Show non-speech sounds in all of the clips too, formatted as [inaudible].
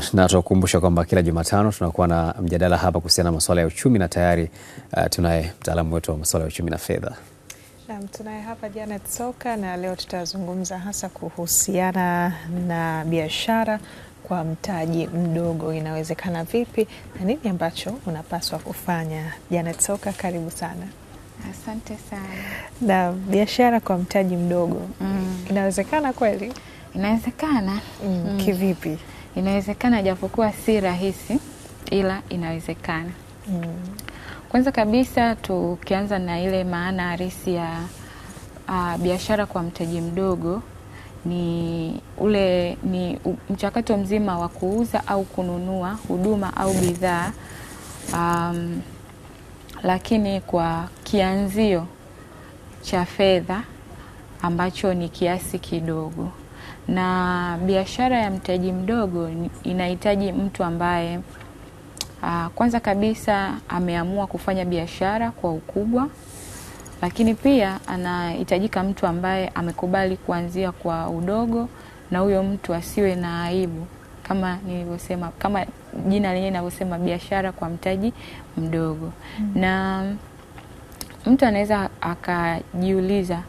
Naam, na tunakukumbusha kwamba kila Jumatano tunakuwa na mjadala hapa kuhusiana na masuala ya uchumi na tayari uh, tunaye mtaalamu wetu wa masuala ya uchumi na fedha. Naam, tunaye hapa Janet Soka na leo tutazungumza hasa kuhusiana na biashara kwa mtaji mdogo inawezekana vipi na nini ambacho unapaswa kufanya. Janet Soka, karibu sana. Asante sana. Na biashara kwa mtaji mdogo mm. inawezekana kweli? Inawezekana mm. mm. kivipi? Inawezekana japokuwa si rahisi, ila inawezekana. Mm. Kwanza kabisa tukianza na ile maana halisi ya uh, biashara kwa mtaji mdogo ni ule ni mchakato mzima wa kuuza au kununua huduma au bidhaa um, lakini kwa kianzio cha fedha ambacho ni kiasi kidogo na biashara ya mtaji mdogo inahitaji mtu ambaye uh, kwanza kabisa ameamua kufanya biashara kwa ukubwa, lakini pia anahitajika mtu ambaye amekubali kuanzia kwa udogo, na huyo mtu asiwe na aibu, kama nilivyosema, kama jina lenyewe linavyosema, biashara kwa mtaji mdogo mm. na mtu anaweza akajiuliza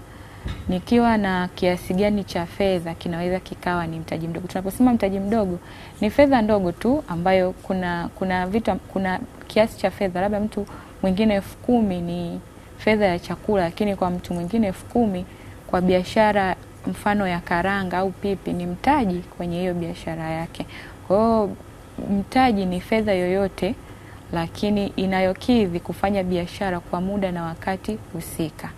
nikiwa na kiasi gani cha fedha kinaweza kikawa ni mtaji mdogo. Tunaposema mtaji mdogo ni fedha ndogo tu ambayo kuna kuna vitu, kuna kiasi cha fedha, labda mtu mwingine elfu kumi ni fedha ya chakula, lakini kwa mtu mwingine elfu kumi kwa biashara mfano ya karanga au pipi ni mtaji kwenye hiyo biashara yake. Kwa hiyo mtaji ni fedha yoyote, lakini inayokidhi kufanya biashara kwa muda na wakati husika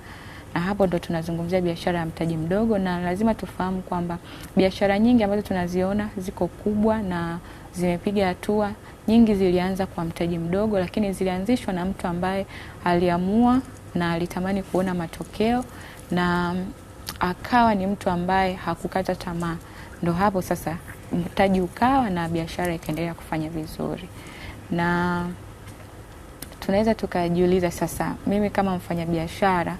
na hapo ndo tunazungumzia biashara ya mtaji mdogo, na lazima tufahamu kwamba biashara nyingi ambazo tunaziona ziko kubwa na zimepiga hatua nyingi zilianza kwa mtaji mdogo, lakini zilianzishwa na mtu ambaye aliamua na alitamani kuona matokeo na akawa ni mtu ambaye hakukata tamaa. Ndo hapo sasa mtaji ukawa na biashara ikaendelea kufanya vizuri, na tunaweza tukajiuliza sasa, mimi kama mfanyabiashara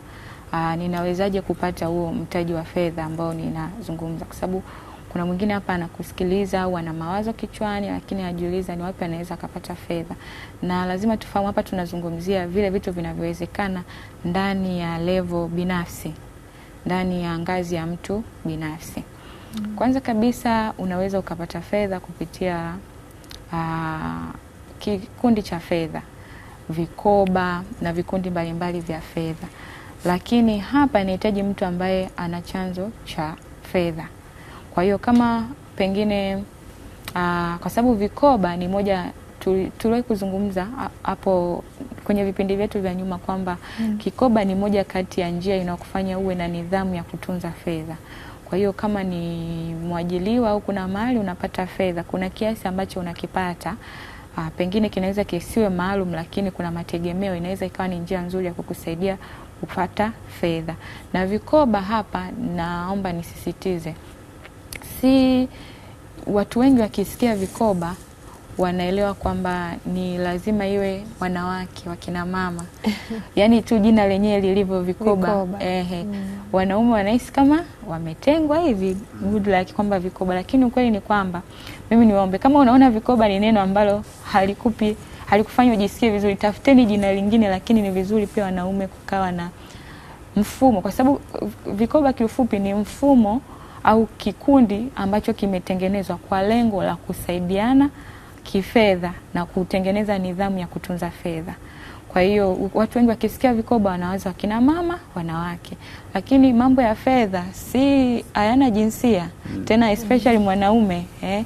uh, ninawezaje kupata huo mtaji wa fedha ambao ninazungumza, kwa sababu kuna mwingine hapa anakusikiliza au ana mawazo kichwani, lakini ajiuliza ni wapi anaweza akapata fedha. Na lazima tufahamu hapa tunazungumzia vile vitu vinavyowezekana ndani ya levo binafsi, ndani ya ngazi ya mtu binafsi. Kwanza kabisa unaweza ukapata fedha kupitia uh, kikundi cha fedha, vikoba na vikundi mbalimbali vya fedha lakini hapa inahitaji mtu ambaye ana chanzo cha fedha. Kwa hiyo kama pengine aa, ah, kwa sababu vikoba ni moja tuliwahi kuzungumza hapo kwenye vipindi vyetu vya nyuma kwamba mm. kikoba ni moja kati ya njia inayokufanya uwe na nidhamu ya kutunza fedha. Kwa hiyo kama ni mwajiliwa au kuna mahali unapata fedha, kuna kiasi ambacho unakipata aa, ah, pengine kinaweza kisiwe maalum, lakini kuna mategemeo, inaweza ikawa ni njia nzuri ya kukusaidia kupata fedha. Na vikoba hapa, naomba nisisitize, si watu wengi wakisikia vikoba wanaelewa kwamba ni lazima iwe wanawake wakina mama, [laughs] yaani tu jina lenyewe lilivyo vikoba, vikoba. Ehe. Mm. Wanaume wanahisi kama wametengwa hivi good luck kwamba vikoba, lakini ukweli ni kwamba mimi niwaombe, kama unaona vikoba ni neno ambalo halikupi halikufanya ujisikie vizuri, tafuteni jina lingine, lakini ni vizuri pia wanaume kukawa na mfumo, kwa sababu vikoba kiufupi ni mfumo au kikundi ambacho kimetengenezwa kwa lengo la kusaidiana kifedha na kutengeneza nidhamu ya kutunza fedha. Kwa hiyo watu wengi wakisikia vikoba wanawaza wakina mama, wanawake, lakini mambo ya fedha si hayana jinsia mm. Tena especially mwanaume eh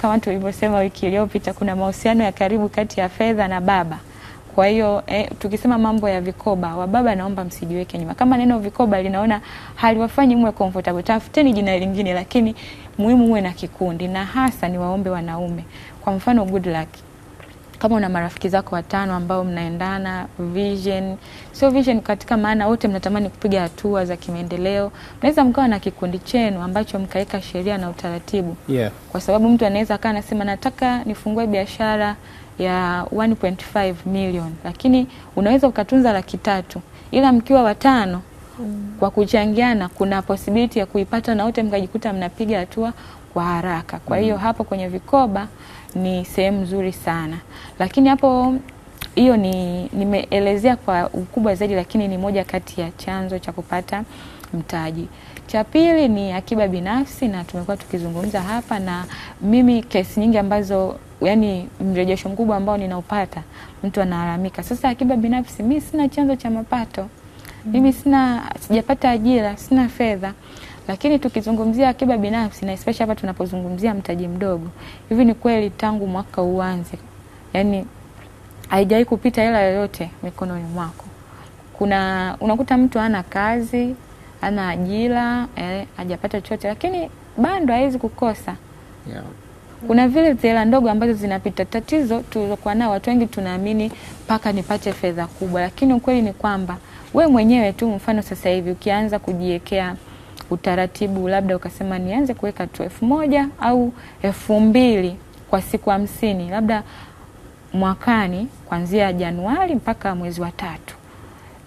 kama tulivyosema wiki iliyopita, kuna mahusiano ya karibu kati ya fedha na baba. Kwa hiyo eh, tukisema mambo ya vikoba, wababa naomba msijiweke nyuma. Kama neno vikoba linaona haliwafanyi mwe comfortable, tafuteni jina lingine, lakini muhimu uwe na kikundi, na hasa ni waombe wanaume, kwa mfano good luck kama una marafiki zako watano ambao mnaendana vision, sio vision katika maana wote mnatamani kupiga hatua za kimaendeleo, mnaweza mkawa na kikundi chenu ambacho mkaweka sheria na utaratibu yeah. Kwa sababu mtu anaweza akawa anasema nataka nifungue biashara ya 1.5 million, lakini unaweza ukatunza laki tatu, ila mkiwa watano kwa kuchangiana, kuna possibility ya kuipata na wote mkajikuta mnapiga hatua kwa haraka. Kwa hiyo mm. hapo kwenye vikoba ni sehemu nzuri sana, lakini hapo hiyo ni nimeelezea kwa ukubwa zaidi, lakini ni moja kati ya chanzo cha kupata mtaji. Cha pili ni akiba binafsi, na tumekuwa tukizungumza hapa, na mimi kesi nyingi ambazo yani mrejesho mkubwa ambao ninaupata, mtu analalamika sasa, akiba binafsi, mimi sina chanzo cha mapato, mimi sina, sijapata ajira, sina fedha lakini tukizungumzia akiba binafsi na especially hapa tunapozungumzia mtaji mdogo, hivi ni kweli tangu mwaka uanze, yani haijawahi kupita hela yoyote mikononi mwako. Kuna unakuta mtu ana kazi, ana ajira, eh, hajapata chochote, lakini bado hawezi kukosa yeah. Kuna vile hela ndogo ambazo zinapita. Tatizo tulilokuwa nao watu wengi tunaamini mpaka nipate fedha kubwa, lakini ukweli ni kwamba we mwenyewe tu, mfano sasa hivi ukianza kujiwekea utaratibu labda ukasema nianze kuweka tu elfu moja au elfu mbili kwa siku hamsini labda mwakani kuanzia Januari mpaka mwezi wa tatu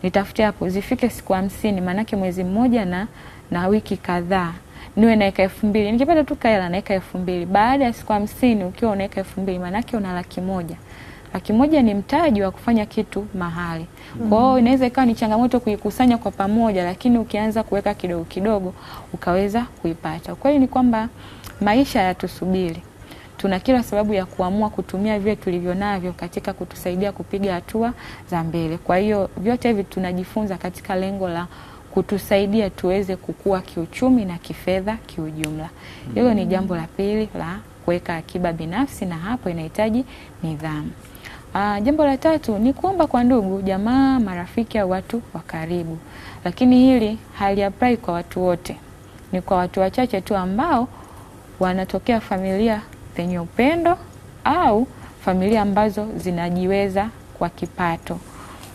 nitafute hapo zifike siku hamsini, maanake mwezi mmoja na, na wiki kadhaa niwe naeka elfu mbili nikipata tu kaela naeka elfu mbili Baada ya siku hamsini ukiwa unaweka elfu mbili maanake una laki moja akimoja ni mtaji wa kufanya kitu mahali. Mm. Kwa hiyo inaweza ikawa ni changamoto kuikusanya kwa pamoja, lakini ukianza kuweka kidogo kidogo ukaweza kuipata. Kweli ni kwamba maisha yatusubiri. Tuna kila sababu ya kuamua kutumia vile tulivyo navyo katika kutusaidia kupiga hatua za mbele. Kwa hiyo vyote hivi tunajifunza katika lengo la kutusaidia tuweze kukua kiuchumi na kifedha kiujumla. Hilo ni mm. jambo la pili la kuweka akiba binafsi, na hapo inahitaji nidhamu. Uh, jambo la tatu ni kuomba kwa ndugu, jamaa, marafiki au watu wa karibu, lakini hili hali apply kwa watu wote, ni kwa watu wachache tu ambao wanatokea familia zenye upendo au familia ambazo zinajiweza kwa kipato.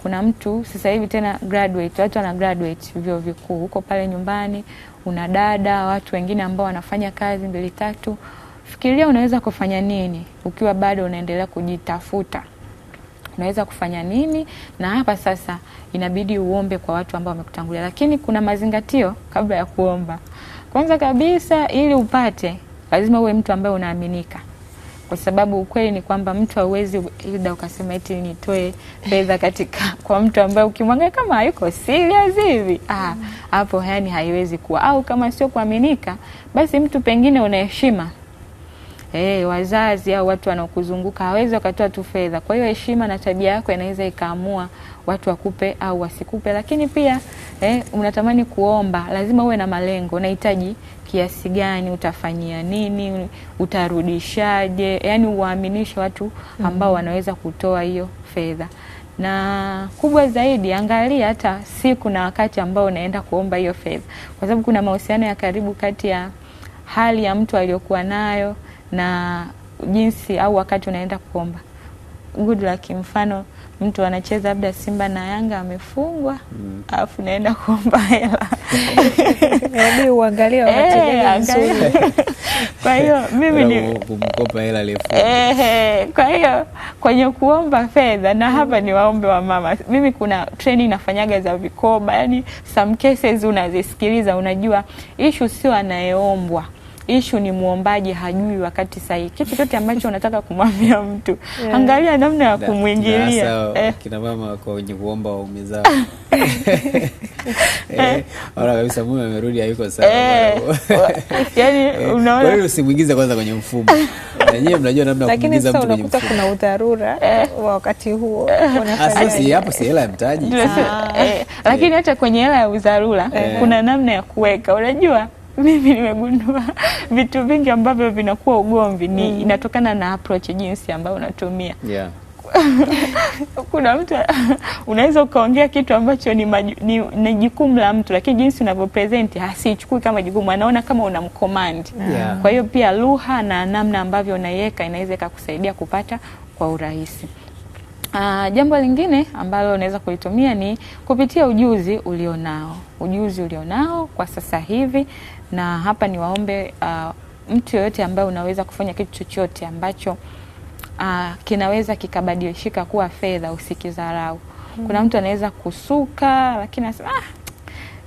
Kuna mtu sasa hivi tena graduate, watu wana graduate vyuo vikuu, huko pale nyumbani una dada, watu wengine ambao wanafanya kazi mbili tatu. Fikiria unaweza kufanya nini ukiwa bado unaendelea kujitafuta tunaweza kufanya nini, na hapa sasa inabidi uombe kwa watu ambao wamekutangulia, lakini kuna mazingatio kabla ya kuomba. Kwanza kabisa, ili upate, lazima uwe mtu ambaye unaaminika kwa sababu ukweli ni kwamba mtu hauwezi ida ukasema eti nitoe fedha katika [laughs] kwa mtu ambaye ukimwangalia kama hayuko serious hivi hapo, ah, mm. Yani haiwezi kuwa au kama sio kuaminika, basi mtu pengine una heshima e, wazazi au watu wanaokuzunguka hawezi wakatoa tu fedha. Kwa hiyo heshima na tabia yako inaweza ikaamua watu wakupe au wasikupe. Lakini pia eh, unatamani kuomba, lazima uwe na malengo. Unahitaji kiasi gani? Utafanyia nini? Utarudishaje? Yani uwaaminishe watu ambao mm-hmm. wanaweza kutoa hiyo fedha na kubwa zaidi, angalia hata siku na wakati ambao unaenda kuomba hiyo fedha, kwa sababu kuna mahusiano ya karibu kati ya hali ya mtu aliyokuwa nayo na jinsi au wakati unaenda kuomba good luck. Mfano mtu anacheza labda Simba na Yanga amefungwa, mm. alafu naenda kuomba hela [laughs] yaani uangalie eh, wachezaji nzuri. [laughs] Kwa hiyo mimi ni kumkopa hela Eh, Kwa hiyo kwenye kuomba fedha na hapa mm. ni waombe wa mama, mimi kuna training nafanyaga za vikoba, yani some cases unazisikiliza, unajua issue sio anayeombwa ishu ni muombaji hajui wakati sahihi. Kitu chote ambacho [laughs] unataka kumwambia mtu yeah, angalia namna ya kumwingilia eh. Kina mama kwa wenye kuomba waume zao [laughs] eh, ora kabisa mume amerudi hayuko sawa, eh. [laughs] yani eh, unaona. wewe usimuingize kwanza kwenye mfumo, wenyewe mnajua namna ya kuingiza mtu kwenye mfumo. Kuna udharura eh. wa wakati huo, ah, asasi hapo si hela ya mtaji, ah. lakini hata kwenye hela ya udharura kuna namna ya kuweka, unajua mimi nimegundua [laughs] vitu vingi ambavyo vinakuwa ugomvi ni mm. inatokana na approach jinsi ambayo unatumia yeah. [laughs] kuna mtu [laughs] unaweza ukaongea kitu ambacho ni, maju, ni, ni jukumu la mtu, lakini jinsi unavyopresenti ah, hasichukui kama jukumu, anaona kama unamkomandi yeah. Kwa hiyo pia lugha na namna ambavyo unaiweka inaweza ikakusaidia kupata kwa urahisi. Uh, jambo lingine ambalo unaweza kulitumia ni kupitia ujuzi ulionao, ujuzi ulionao kwa sasa hivi na hapa ni waombe uh, mtu yoyote ambaye unaweza kufanya kitu chochote ambacho uh, kinaweza kikabadilishika kuwa fedha, usikizarau mm Kuna mtu anaweza kusuka lakini anasema ah,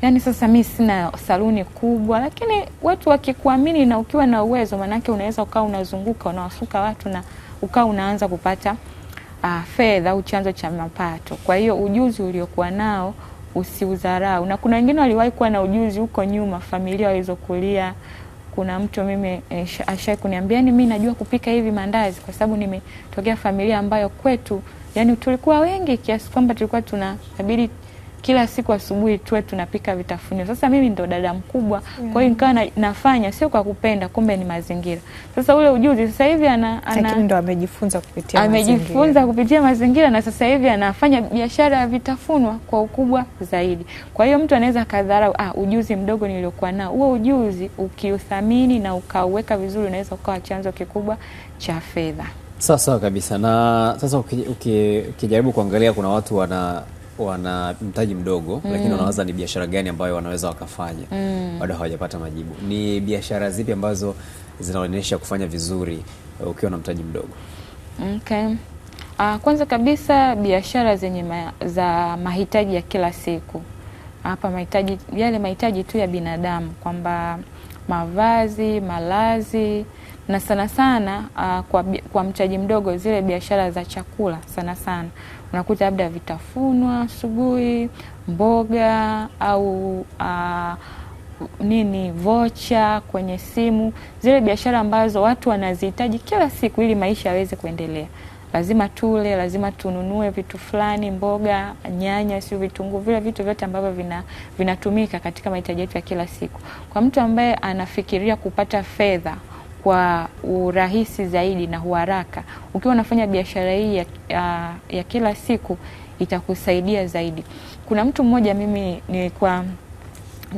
yani sasa mi sina saluni kubwa, lakini watu wakikuamini na ukiwa na uwezo, maanake unaweza ukawa unazunguka unawasuka watu na ukawa unaanza kupata uh, fedha au chanzo cha mapato. Kwa hiyo ujuzi uliokuwa nao usiudharau. Na kuna wengine waliwahi kuwa na ujuzi huko nyuma, familia walizokulia. Kuna mtu mimi eh, ashai kuniambia ni yaani mi najua kupika hivi mandazi kwa sababu nimetokea familia ambayo kwetu, yani tulikuwa wengi kiasi kwamba tulikuwa tunabidi kila siku asubuhi tuwe tunapika vitafunio. Sasa mimi ndo dada mkubwa, kwa hiyo nikawa na, nafanya sio kwa kupenda, kumbe ni mazingira. Sasa ule ujuzi sasa hivi ana, ana, lakini ndo amejifunza kupitia mazingira, amejifunza kupitia mazingira na sasa hivi anafanya biashara ya vitafunwa kwa ukubwa zaidi. Kwa hiyo mtu anaweza kadharau ah, ujuzi mdogo niliokuwa nao. Huo ujuzi ukiuthamini na ukauweka vizuri, unaweza ukawa chanzo kikubwa cha fedha. Sawa sawa kabisa. Na sasa ukijaribu kuangalia, kuna watu wana wana mtaji mdogo mm. lakini wanawaza ni biashara gani ambayo wanaweza wakafanya mm. bado hawajapata majibu. Ni biashara zipi ambazo zinaonyesha kufanya vizuri ukiwa na mtaji mdogo? Okay. Uh, kwanza kabisa biashara zenye ma za mahitaji ya kila siku hapa mahitaji yale mahitaji tu ya binadamu kwamba mavazi, malazi na sana sana uh, kwa, kwa mtaji mdogo, zile biashara za chakula sana sana unakuta labda vitafunwa asubuhi, mboga au uh, nini vocha kwenye simu, zile biashara ambazo watu wanazihitaji kila siku ili maisha yaweze kuendelea. Lazima tule, lazima tununue vitu fulani, mboga, nyanya, sio vitunguu, vile vitu vyote ambavyo vina vinatumika katika mahitaji yetu ya kila siku. Kwa mtu ambaye anafikiria kupata fedha kwa urahisi zaidi na uharaka. Ukiwa unafanya biashara hii ya, ya, ya kila siku itakusaidia zaidi. Kuna mtu mmoja mimi nilikuwa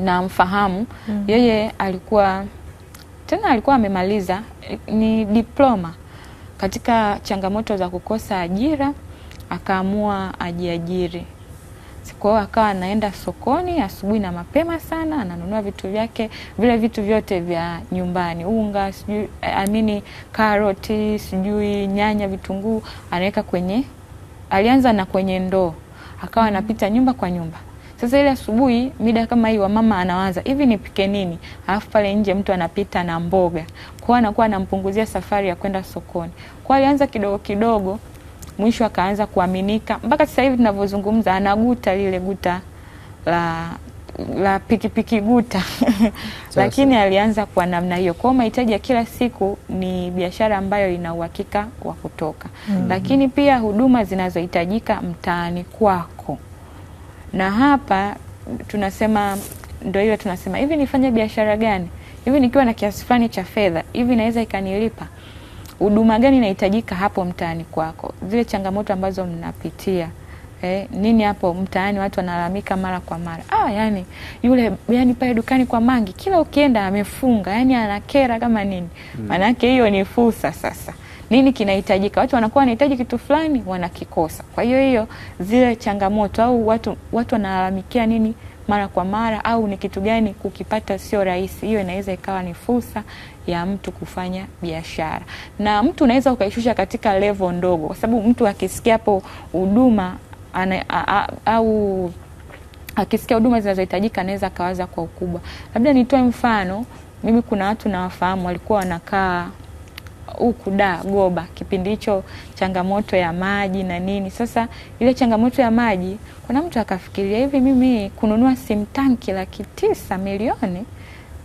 namfahamu mm. Yeye alikuwa tena alikuwa amemaliza ni diploma katika changamoto za kukosa ajira, akaamua ajiajiri. Kwa hiyo akawa anaenda sokoni asubuhi na mapema sana, ananunua vitu vyake vile vitu vyote vya nyumbani, unga sijui amini, eh, karoti sijui nyanya, vitunguu, anaweka kwenye, alianza na kwenye ndoo, akawa mm-hmm. anapita nyumba kwa nyumba. Sasa ile asubuhi mida kama hii, wamama anawaza hivi nipike nini, alafu pale nje mtu anapita na mboga, kwa anakuwa anampunguzia safari ya kwenda sokoni. Kwa alianza kidogo kidogo mwisho akaanza kuaminika. Mpaka sasa hivi tunavyozungumza, anaguta lile guta la la pikipiki guta [laughs] lakini alianza kwa namna hiyo. Kwa hiyo mahitaji ya kila siku ni biashara ambayo ina uhakika wa kutoka mm -hmm. Lakini pia huduma zinazohitajika mtaani kwako, na hapa tunasema ndo ile tunasema hivi, nifanye biashara gani? Hivi nikiwa na kiasi fulani cha fedha hivi naweza ikanilipa? huduma gani inahitajika hapo mtaani kwako, zile changamoto ambazo mnapitia eh, nini hapo mtaani watu wanalalamika mara kwa mara. Ah, yani yule yani pale dukani kwa mangi kila ukienda amefunga, yani anakera kama nini. Maanake mm. hiyo ni fursa sasa nini kinahitajika, watu wanakuwa wanahitaji kitu fulani wanakikosa. Kwa hiyo hiyo zile changamoto au watu watu wanalalamikia nini mara kwa mara, au ni kitu gani kukipata sio rahisi. Hiyo inaweza ikawa ni fursa ya mtu kufanya biashara, na mtu unaweza ukaishusha katika levo ndogo, kwa sababu mtu akisikia hapo huduma au akisikia huduma zinazohitajika anaweza akawaza kwa ukubwa. Labda nitoe mfano, mimi kuna watu nawafahamu walikuwa wanakaa huku da Goba, kipindi hicho changamoto ya maji na nini. Sasa ile changamoto ya maji, kuna mtu akafikiria hivi, mimi kununua sim tanki laki tisa milioni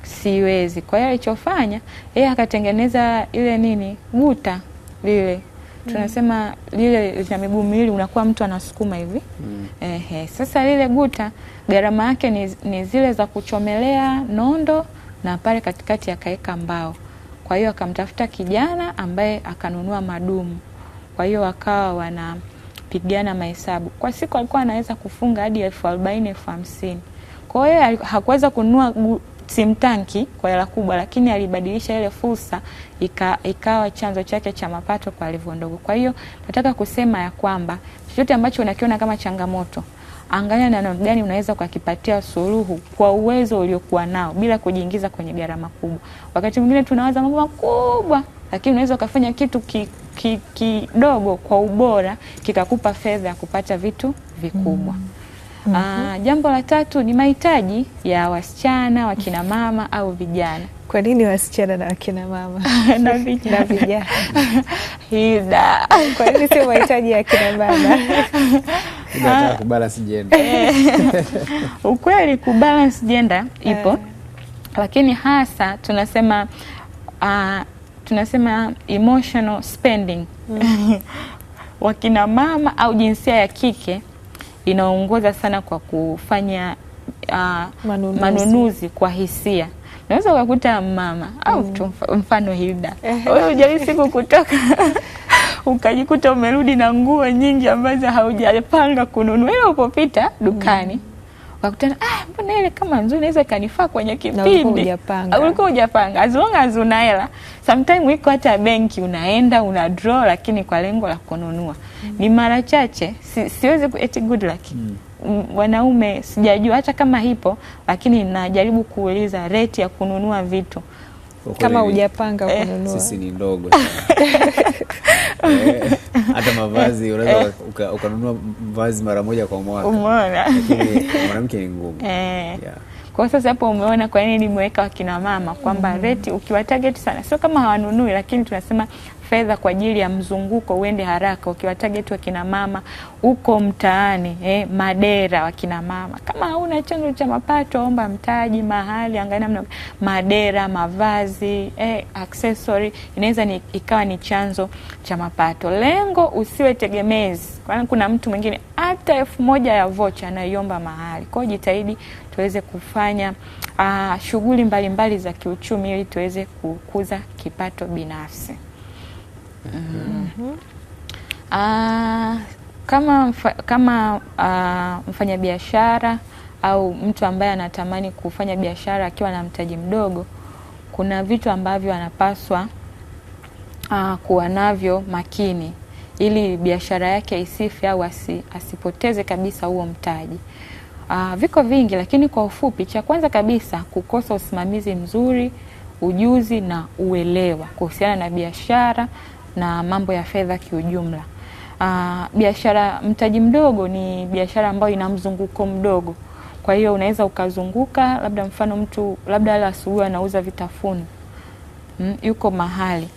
siwezi. Kwa hiyo alichofanya yeye akatengeneza ile nini guta lile tunasema lile lina miguu miwili, unakuwa mtu anasukuma hivi mm. Ehe, sasa lile guta gharama yake ni, ni zile za kuchomelea nondo na pale katikati akaweka mbao. Kwa hiyo akamtafuta kijana ambaye akanunua madumu, kwa hiyo wakawa wanapigana mahesabu. Kwa siku alikuwa anaweza kufunga hadi elfu arobaini elfu hamsini Kwa hiyo hakuweza kununua simtanki kwa hela kubwa, lakini alibadilisha ile fursa ika, ikawa chanzo chake cha mapato kwa alivyo ndogo. Kwa hiyo nataka kusema ya kwamba chochote ambacho unakiona kama changamoto angalia na namna gani unaweza kukipatia suluhu kwa uwezo uliokuwa nao bila kujiingiza kwenye gharama kubwa. Wakati mwingine tunawaza mambo makubwa, lakini unaweza ukafanya kitu ki kidogo ki, kwa ubora kikakupa fedha ya kupata vitu vikubwa. mm. Ah, mm -hmm. Aa, jambo la tatu ni mahitaji ya wasichana, wakina mama au vijana. Kwa nini wasichana na wakina mama [laughs] na vijana? Hida, kwa nini sio mahitaji ya kina baba? [laughs] Ah. Eh. [laughs] ukweli, kubalance jenda ipo, eh. lakini hasa tunasema uh, tunasema emotional spending mm. [laughs] wakina mama au jinsia ya kike inaongoza sana kwa kufanya uh, manunuzi. manunuzi kwa hisia Naweza ukakuta mama mm. au mfano Hilda, [laughs] wewe hujawai siku kutoka ukajikuta umerudi na nguo nyingi ambazo haujapanga kununua, ile upopita dukani mm. Wakutana, ah, mbona ile kama nzuri naweza kanifaa kwenye kipindi, ah, ulikuwa hujapanga. As long as una hela, sometimes iko hata benki unaenda una draw, lakini kwa lengo la kununua mm. ni mara chache si, siwezi eti good luck mm. mm. Wanaume sijajua hata kama hipo, lakini najaribu kuuliza reti ya kununua vitu kama hujapanga eh, kununua. Sisi ni ndogo [laughs] eh, hata mavazi unaweza ukanunua mavazi mara moja kwa mwaka, umeona, lakini mwanamke ni ngumu eh. yeah. Kwa sasa hapo umeona kwa nini nimeweka wakina mama kwamba mm reti ukiwa target sana, sio kama hawanunui, lakini tunasema fedha kwa ajili ya mzunguko uende haraka, ukiwa target wakina mama uko mtaani eh, madera wakina mama. Kama hauna chanzo cha mapato, omba mtaji mahali, angalia namna madera, mavazi eh, accessory inaweza ni, ikawa ni chanzo cha mapato. Lengo usiwe tegemezi, kwani kuna mtu mwingine hata elfu moja ya vocha anaiomba mahali. Kwa jitahidi tuweze kufanya uh, shughuli mbalimbali za kiuchumi ili tuweze kukuza kipato binafsi. Mm-hmm. Uh, kama mfa, kama uh, mfanyabiashara au mtu ambaye anatamani kufanya biashara akiwa na mtaji mdogo, kuna vitu ambavyo anapaswa uh, kuwa navyo makini ili biashara yake isife au asi, asipoteze kabisa huo mtaji. Uh, viko vingi lakini kwa ufupi, cha kwanza kabisa kukosa usimamizi mzuri, ujuzi na uelewa kuhusiana na biashara na mambo ya fedha kiujumla. Uh, biashara mtaji mdogo ni biashara ambayo ina mzunguko mdogo, kwa hiyo unaweza ukazunguka, labda mfano mtu labda ala asubuhi anauza vitafunu mm, yuko mahali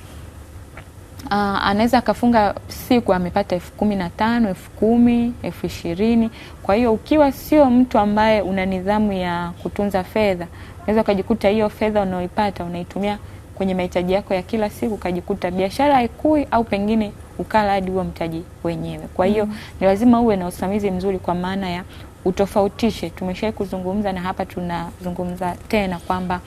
uh, anaweza akafunga siku amepata elfu kumi na tano elfu kumi elfu ishirini Kwa hiyo ukiwa sio mtu ambaye una nidhamu ya kutunza fedha, unaweza ukajikuta hiyo fedha unaoipata unaitumia kwenye mahitaji yako ya kila siku, ukajikuta biashara haikui au pengine ukala hadi huo mtaji wenyewe. Kwa hiyo mm -hmm. ni lazima uwe na usimamizi mzuri, kwa maana ya utofautishe. Tumeshawahi kuzungumza na hapa tunazungumza tena kwamba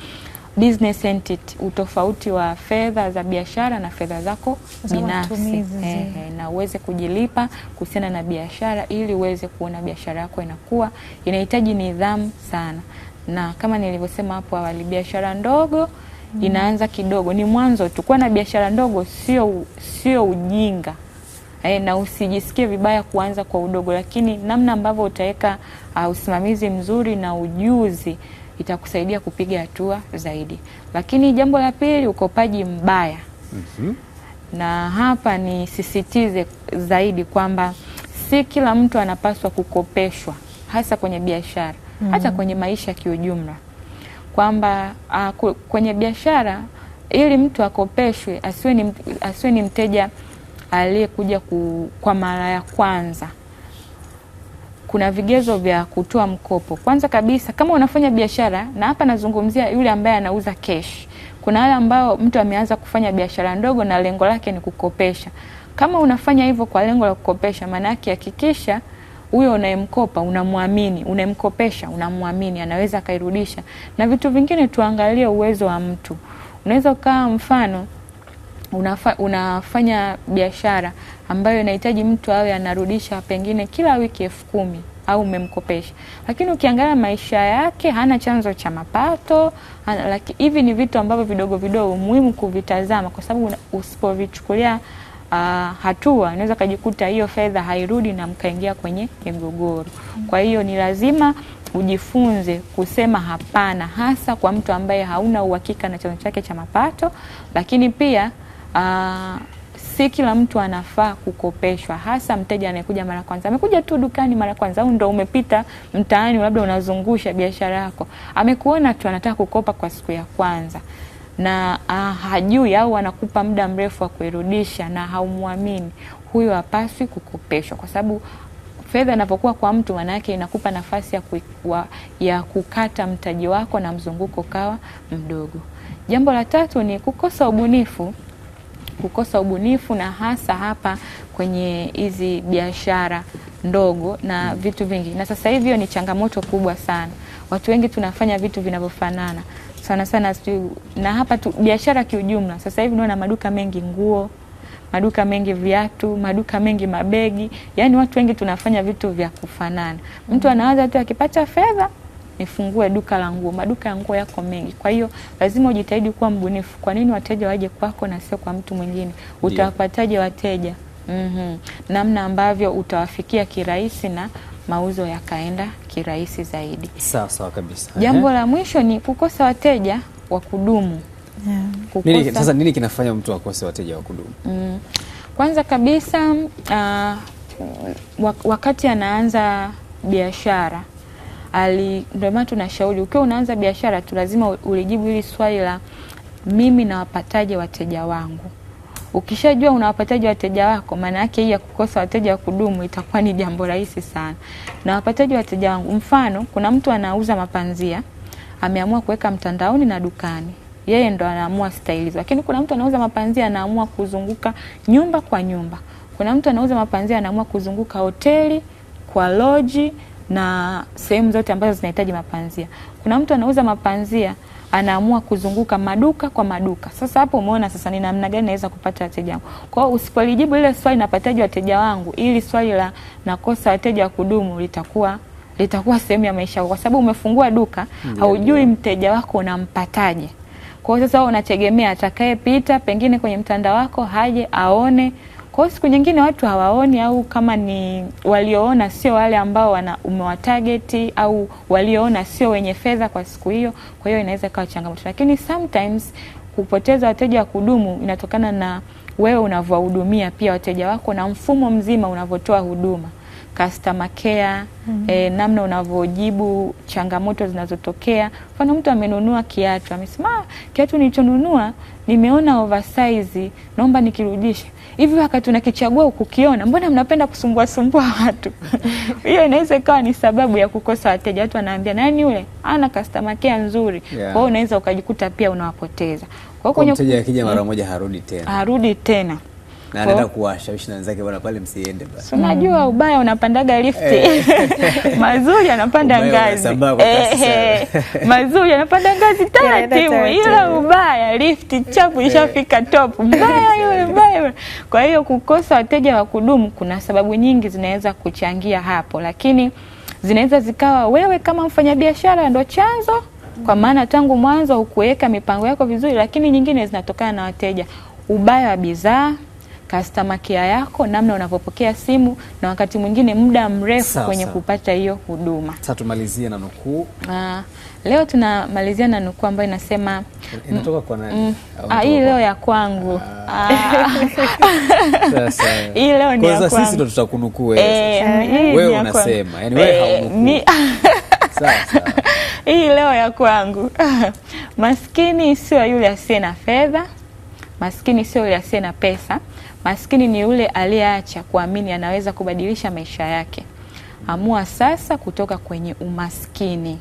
business entity, utofauti wa fedha za biashara na fedha zako binafsi ehe, na uweze kujilipa kuhusiana na biashara ili uweze kuona biashara yako inakuwa. Inahitaji nidhamu sana, na kama nilivyosema hapo awali, biashara ndogo mm. inaanza kidogo, ni mwanzo tu. Kuwa na biashara ndogo sio sio ujinga e, na usijisikie vibaya kuanza kwa udogo, lakini namna ambavyo utaweka uh, usimamizi mzuri na ujuzi itakusaidia kupiga hatua zaidi. Lakini jambo la pili, ukopaji mbaya mm -hmm. na hapa nisisitize zaidi kwamba si kila mtu anapaswa kukopeshwa, hasa kwenye biashara mm -hmm. hata kwenye maisha kiujumla kwamba uh, kwenye biashara ili mtu akopeshwe asiwe ni, asiwe ni mteja aliyekuja kwa mara ya kwanza. Kuna vigezo vya kutoa mkopo. Kwanza kabisa, kama unafanya biashara, na hapa nazungumzia yule ambaye anauza keshi. Kuna wale ambao mtu ameanza kufanya biashara ndogo na lengo lake ni kukopesha. Kama unafanya hivyo kwa lengo la kukopesha, maana yake hakikisha huyo unayemkopa unamwamini, unayemkopesha unamwamini, anaweza akairudisha. Na vitu vingine tuangalie uwezo wa mtu. Unaweza ukawa mfano unafa, unafanya biashara ambayo inahitaji mtu awe anarudisha pengine kila wiki elfu kumi au umemkopesha, lakini ukiangalia maisha yake hana chanzo cha mapato hivi. ni vitu ambavyo vidogo vidogo muhimu kuvitazama, kwa sababu usipovichukulia uh, hatua inaweza kajikuta hiyo fedha hairudi na mkaingia kwenye migogoro. Kwa hiyo ni lazima ujifunze kusema hapana, hasa kwa mtu ambaye hauna uhakika na chanzo chake cha mapato. Lakini pia uh, si kila mtu anafaa kukopeshwa, hasa mteja anayekuja mara kwanza. Amekuja tu dukani mara kwanza, au ndo umepita mtaani, labda unazungusha biashara yako, amekuona tu, anataka kukopa kwa siku ya kwanza na uh, hajui au anakupa muda mrefu wa kuirudisha na haumwamini, huyo hapaswi kukopeshwa, kwa sababu fedha inapokuwa kwa mtu, manake inakupa nafasi ya, ku, ya kukata mtaji wako na mzunguko ukawa mdogo. Jambo la tatu ni kukosa ubunifu kukosa ubunifu na hasa hapa kwenye hizi biashara ndogo na vitu vingi. Na sasa hivi hiyo ni changamoto kubwa sana, watu wengi tunafanya vitu vinavyofanana sana sana sijui na hapa tu biashara kiujumla. Sasa hivi naona maduka mengi nguo, maduka mengi viatu, maduka mengi mabegi, yaani watu wengi tunafanya vitu vya kufanana. Mtu mm-hmm. anawaza tu akipata fedha nifungue duka la nguo. Maduka ya nguo yako mengi, kwa hiyo lazima ujitahidi kuwa mbunifu. Kwa nini wateja waje kwako na sio kwa mtu mwingine? Utawapataje wateja? mm -hmm. Namna ambavyo utawafikia kirahisi na mauzo yakaenda kirahisi zaidi. Sawa sawa kabisa. Jambo la mwisho ni kukosa wateja wa kudumu. Yeah. sasa nini kinafanya mtu akose wateja wa kudumu? Mm. Kwanza kabisa uh, wakati anaanza biashara ali, ndio maana tunashauri ukiwa unaanza biashara tu lazima ulijibu hili swali la mimi nawapataje wateja wangu? Ukishajua unawapataje wateja wako, maana yake hii ya kukosa wateja wa kudumu itakuwa ni jambo rahisi sana. Na wapataje wateja wangu? Mfano, kuna mtu anauza mapanzia ameamua kuweka mtandaoni na dukani yeye ndo anaamua staili lakini kuna mtu anauza mapanzia anaamua kuzunguka nyumba kwa nyumba. Kuna mtu anauza mapanzia anaamua kuzunguka hoteli kwa loji na sehemu zote ambazo zinahitaji mapanzia. Kuna mtu anauza mapanzia anaamua kuzunguka maduka kwa maduka. Sasa hapo umeona sasa ni namna gani naweza kupata wateja wangu. Kwa hiyo usipolijibu ile swali napataje wateja wangu, ili swali la nakosa wateja wa kudumu litakuwa litakuwa sehemu ya maisha yako, kwa sababu umefungua duka yeah, haujui yeah, mteja wako unampataje. Kwa hiyo sasa unategemea atakayepita pengine kwenye mtandao wako haje aone kwa hiyo siku nyingine watu hawaoni au kama ni walioona sio wale ambao wana umewatargeti au walioona sio wenye fedha kwa siku hiyo, kwa hiyo inaweza ikawa changamoto, lakini sometimes kupoteza wateja wa kudumu inatokana na wewe unavyowahudumia pia wateja wako na mfumo mzima unavyotoa huduma customer care mm -hmm. eh, namna unavyojibu changamoto zinazotokea. Mfano, mtu amenunua kiatu amesema, ah, kiatu nilichonunua nimeona oversize, naomba nikirudishe. Hivi wakati unakichagua ukukiona, mbona mnapenda kusumbua sumbua watu? [laughs] Hiyo inaweza ikawa ni sababu ya kukosa wateja. Watu wanaambia nani yule, ana customer care nzuri. Yeah. Kwa hiyo unaweza ukajikuta pia unawapoteza. Kwa hiyo mteja akija mm. mara moja harudi tena, harudi tena na anaenda kuwashawishi na wenzake, bwana pale msiende basi. So, unajua ubaya unapandaga lifti eh. [laughs] mazuri anapanda ngazi mazuri anapanda ngazi [laughs] taratibu, ila ubaya lifti chapu eh. ishafika top mbaya yule [laughs] mbaya. Kwa hiyo kukosa wateja wa kudumu, kuna sababu nyingi zinaweza kuchangia hapo, lakini zinaweza zikawa wewe kama mfanyabiashara ndo chanzo kwa maana tangu mwanzo hukuweka mipango yako vizuri, lakini nyingine zinatokana na wateja, ubaya wa bidhaa customer care yako, namna unavyopokea simu na wakati mwingine muda mrefu sao, kwenye sao, kupata hiyo huduma. Sasa tumalizie na nukuu. Ah, leo tunamalizia na nukuu ambayo inasema inatoka kwa nani? Mm, ah, Hii leo ya kwangu. Ah. Ah. [laughs] Sasa hii leo ni ya kwangu. Kwa Sisi ndo tutakunukuu wewe, eh, unasema yani wewe eh, haunukuu. Sasa [laughs] hii leo ya kwangu. [laughs] Maskini sio yule asiye na fedha, maskini sio yule asiye na pesa Maskini ni yule aliyeacha kuamini anaweza kubadilisha maisha yake. Amua sasa kutoka kwenye umaskini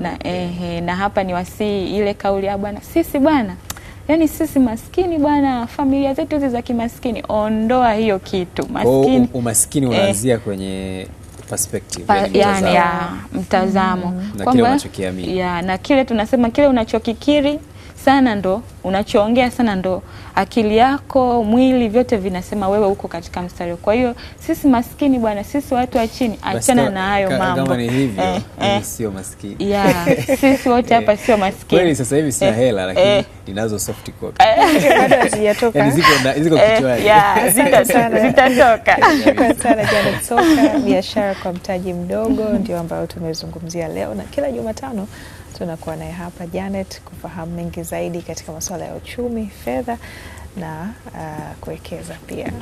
na, mm, ehe, na hapa ni wasii ile kauli ya bwana, sisi bwana, yani sisi maskini bwana, familia zetu hizi za kimaskini. Ondoa hiyo kitu maskini. Oh, umaskini eh. unaanzia eh, kwenye perspective pa, yani yani mtazamo, yaani, ya, mtazamo. Mm -hmm. na, kile ya, na kile tunasema kile unachokikiri sana, ndo unachoongea sana, ndo akili yako, mwili, vyote vinasema wewe uko katika mstari. Kwa hiyo sisi maskini bwana, sisi watu wa chini, achana na hayo mambo eh, eh. Sio maskini yeah, sisi wote hapa sio maskini kweli. Sasa hivi sina eh, hela lakini eh, ninazo soft copy zitatoka. Biashara kwa mtaji mdogo ndio ambayo tumezungumzia leo na kila Jumatano Tunakuwa naye hapa Janet kufahamu mengi zaidi katika masuala ya uchumi, fedha na uh, kuwekeza pia.